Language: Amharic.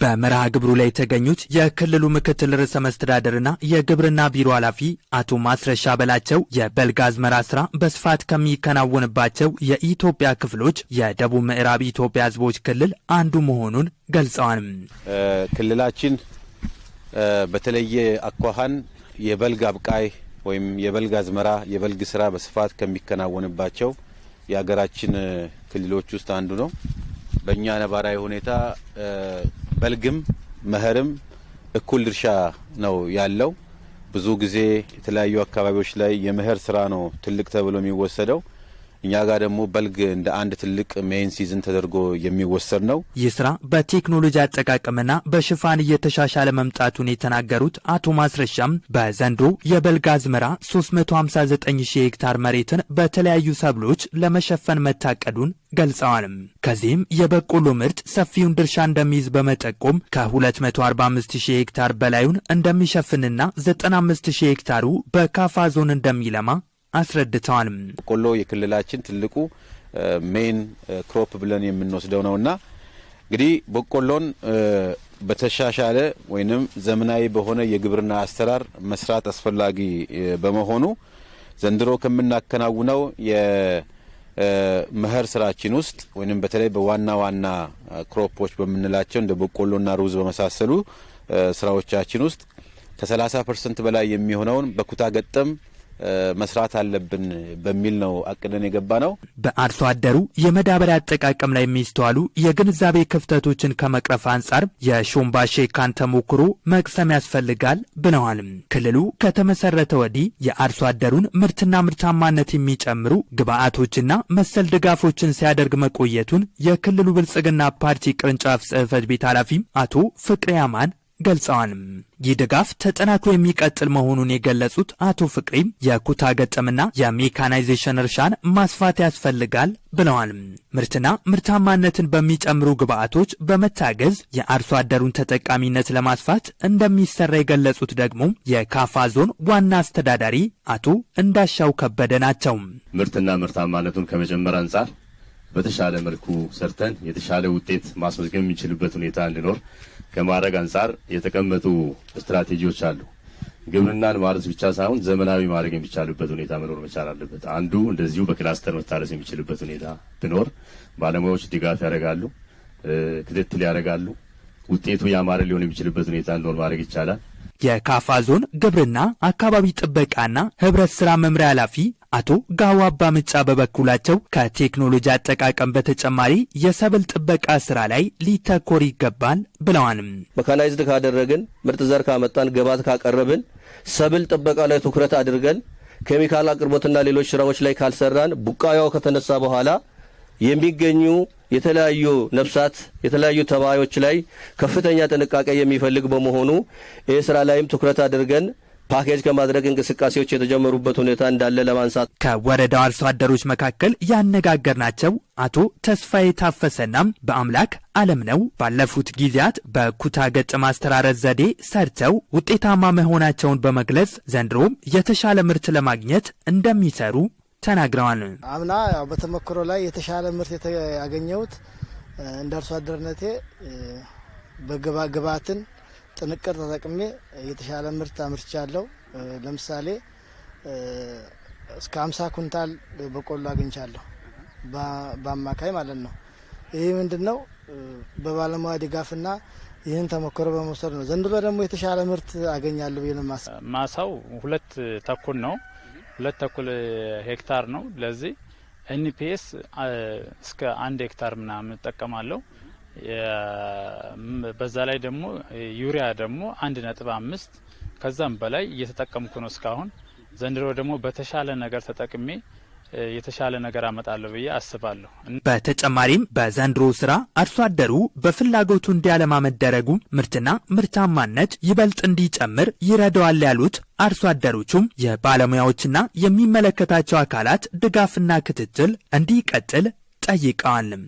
በመርሃ ግብሩ ላይ የተገኙት የክልሉ ምክትል ርዕሰ መስተዳደርና የግብርና ቢሮ ኃላፊ አቶ ማስረሻ በላቸው የበልግ አዝመራ ስራ በስፋት ከሚከናወንባቸው የኢትዮጵያ ክፍሎች የደቡብ ምዕራብ ኢትዮጵያ ሕዝቦች ክልል አንዱ መሆኑን ገልጸዋል። ክልላችን በተለየ አኳኋን የበልግ አብቃይ ወይም የበልግ አዝመራ የበልግ ስራ በስፋት ከሚከናወንባቸው የሀገራችን ክልሎች ውስጥ አንዱ ነው። በእኛ ነባራዊ ሁኔታ በልግም መኸርም እኩል ድርሻ ነው ያለው። ብዙ ጊዜ የተለያዩ አካባቢዎች ላይ የመኸር ስራ ነው ትልቅ ተብሎ የሚወሰደው። እኛ ጋር ደግሞ በልግ እንደ አንድ ትልቅ ሜን ሲዝን ተደርጎ የሚወሰድ ነው። ይህ ስራ በቴክኖሎጂ አጠቃቀምና በሽፋን እየተሻሻለ መምጣቱን የተናገሩት አቶ ማስረሻም በዘንድሮ የበልግ አዝመራ 359 ሺህ ሄክታር መሬትን በተለያዩ ሰብሎች ለመሸፈን መታቀዱን ገልጸዋልም። ከዚህም የበቆሎ ምርት ሰፊውን ድርሻ እንደሚይዝ በመጠቆም ከ245 ሺህ ሄክታር በላዩን እንደሚሸፍንና 95 ሺህ ሄክታሩ በካፋ ዞን እንደሚለማ አስረድተዋል። በቆሎ የክልላችን ትልቁ ሜን ክሮፕ ብለን የምንወስደው ነውና እንግዲህ በቆሎን በተሻሻለ ወይም ዘመናዊ በሆነ የግብርና አሰራር መስራት አስፈላጊ በመሆኑ ዘንድሮ ከምናከናውነው የመኸር ስራችን ውስጥ ወይም በተለይ በዋና ዋና ክሮፖች በምንላቸው እንደ በቆሎና ሩዝ በመሳሰሉ ስራዎቻችን ውስጥ ከ30 ፐርሰንት በላይ የሚሆነውን በኩታ ገጠም መስራት አለብን በሚል ነው አቅደን የገባ ነው። በአርሶ አደሩ የመዳበሪያ አጠቃቀም ላይ የሚስተዋሉ የግንዛቤ ክፍተቶችን ከመቅረፍ አንጻር የሾምባሼ ሼካን ተሞክሮ መቅሰም ያስፈልጋል ብለዋል። ክልሉ ከተመሰረተ ወዲህ የአርሶ አደሩን ምርትና ምርታማነት የሚጨምሩ ግብዓቶችና መሰል ድጋፎችን ሲያደርግ መቆየቱን የክልሉ ብልጽግና ፓርቲ ቅርንጫፍ ጽህፈት ቤት ኃላፊ አቶ ፍቅሬ አማን ገልጸዋል። ይህ ድጋፍ ተጠናክሮ የሚቀጥል መሆኑን የገለጹት አቶ ፍቅሪ የኩታ ገጠምና የሜካናይዜሽን እርሻን ማስፋት ያስፈልጋል ብለዋል። ምርትና ምርታማነትን በሚጨምሩ ግብዓቶች በመታገዝ የአርሶ አደሩን ተጠቃሚነት ለማስፋት እንደሚሰራ የገለጹት ደግሞ የካፋ ዞን ዋና አስተዳዳሪ አቶ እንዳሻው ከበደ ናቸው። ምርትና ምርታማነቱን ከመጀመር አንጻር በተሻለ መልኩ ሰርተን የተሻለ ውጤት ማስመዝገብ የሚችልበት ሁኔታ እንዲኖር ከማድረግ አንጻር የተቀመጡ ስትራቴጂዎች አሉ። ግብርናን ማረስ ብቻ ሳይሆን ዘመናዊ ማድረግ የሚቻልበት ሁኔታ መኖር መቻል አለበት። አንዱ እንደዚሁ በክላስተር መታረስ የሚችልበት ሁኔታ ቢኖር ባለሙያዎች ድጋፍ ያደርጋሉ፣ ክትትል ያደርጋሉ። ውጤቱ ያማረ ሊሆን የሚችልበት ሁኔታ እንዲሆን ማድረግ ይቻላል። የካፋ ዞን ግብርና አካባቢ ጥበቃና ህብረት ስራ መምሪያ ኃላፊ አቶ ጋዋ አባምጫ በበኩላቸው ከቴክኖሎጂ አጠቃቀም በተጨማሪ የሰብል ጥበቃ ስራ ላይ ሊተኮር ይገባል ብለዋል። መካናይዝድ ካደረግን፣ ምርጥ ዘር ካመጣን፣ ገባት ካቀረብን፣ ሰብል ጥበቃ ላይ ትኩረት አድርገን ኬሚካል አቅርቦትና ሌሎች ስራዎች ላይ ካልሰራን ቡቃያው ከተነሳ በኋላ የሚገኙ የተለያዩ ነፍሳት የተለያዩ ተባዮች ላይ ከፍተኛ ጥንቃቄ የሚፈልግ በመሆኑ ይህ ስራ ላይም ትኩረት አድርገን ፓኬጅ ከማድረግ እንቅስቃሴዎች የተጀመሩበት ሁኔታ እንዳለ ለማንሳት ከወረዳው አርሶ አደሮች መካከል ናቸው። አቶ ተስፋዬ ታፈሰና በአምላክ አለም ነው ባለፉት ጊዜያት በኩታ ገጽ ማስተራረስ ዘዴ ሰርተው ውጤታማ መሆናቸውን በመግለጽ ዘንድሮም የተሻለ ምርት ለማግኘት እንደሚሰሩ ተናግረዋል። አምና በተሞክሮ ላይ የተሻለ ምርት ያገኘሁት እንደ አርሶ አደርነቴ ግባትን ጥንቅር ተጠቅሜ የተሻለ ምርት አምርቻለሁ። ለምሳሌ እስከ አምሳ ኩንታል በቆሎ አግኝቻለሁ በአማካይ ማለት ነው። ይህ ምንድን ነው? በባለሙያ ድጋፍና ይህን ተሞክሮ በመውሰድ ነው። ዘንድሮ ደግሞ የተሻለ ምርት አገኛለሁ ብዬ ነው ማሳው ሁለት ተኩል ነው፣ ሁለት ተኩል ሄክታር ነው። ለዚህ ኤንፒኤስ እስከ አንድ ሄክታር ምናምን እጠቀማለሁ። በዛ ላይ ደግሞ ዩሪያ ደግሞ አንድ ነጥብ አምስት ከዛም በላይ እየተጠቀምኩ ነው እስካሁን። ዘንድሮ ደግሞ በተሻለ ነገር ተጠቅሜ የተሻለ ነገር አመጣለሁ ብዬ አስባለሁ። በተጨማሪም በዘንድሮ ስራ አርሶ አደሩ በፍላጎቱ እንዲያለማ መደረጉ ምርትና ምርታማነት ይበልጥ እንዲጨምር ይረዳዋል ያሉት አርሶ አደሮቹም የባለሙያዎችና የሚመለከታቸው አካላት ድጋፍና ክትትል እንዲቀጥል ጠይቀዋልም።